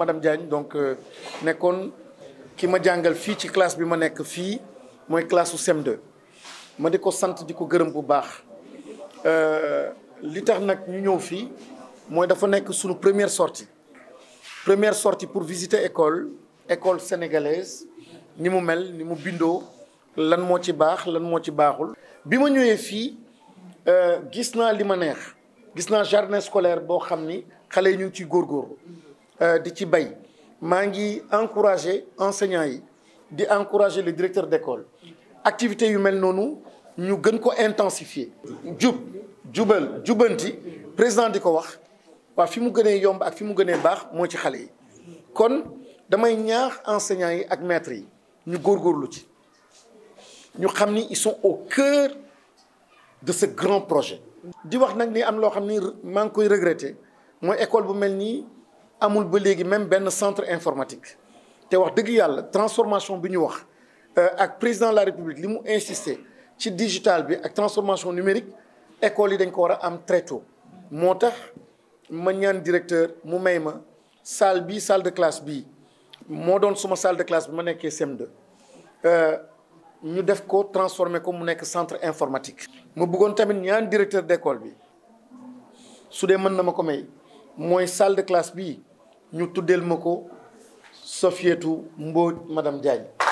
madame Diagne donc euh, nekkoon ki ma jàngal fii ci classe bi ma nekk fii mooy classe u cm ma di ko sant di ko gërëm bu baax euh, li tax nag ñu ñëw fii mooy dafa nekk suñu première sortie première sortie pour visiter école école sénégalaise ni mu mel ni mu bindoo lan moo ci baax lan moo ci baaxul bi ma ñëwee fii euh, gis naa li ma neex gis naa jardin scolaire boo xam ni xale yi ñu ngi ciy góorgóorlu Euh, di ci bay maa ngi encouragé enseignants yi di encouragé le directeur d'école activité yu mel noonu ñu gën ko intensifier jub jubal jubanti président di ko wax waa fi mu gënee yomb ak fi mu gënee baax moo ci xale yi kon damay ñaax enseignants yi ak maîtres yi ñu góor góorlu ci ñu xam ni ils sont au cœur de ce grand projet di wax nag ni am loo xam ni maa ngi koy regretter mooy école bu mel nii amul ba léegi même benn centre informatique te wax dëgg yàlla transformation bi ñu wax euh, ak président la république li mu insisté ci digital bi ak transformation numérique école yi dañ ko war a am très moo tax ma ñaan directeur mu may ma salle bi salle de classe bii moo doon suma salle de classe bi ma nekkee CM2 euh, ñu def ko transformé ko mu nekk centre informatique. ma bëggoon tamit ñaan directeur d'école bi su dee mën na ma ko may. mooy salle de classe bii ñu tuddeel ma ko Sofietu Mbodj madame Diagne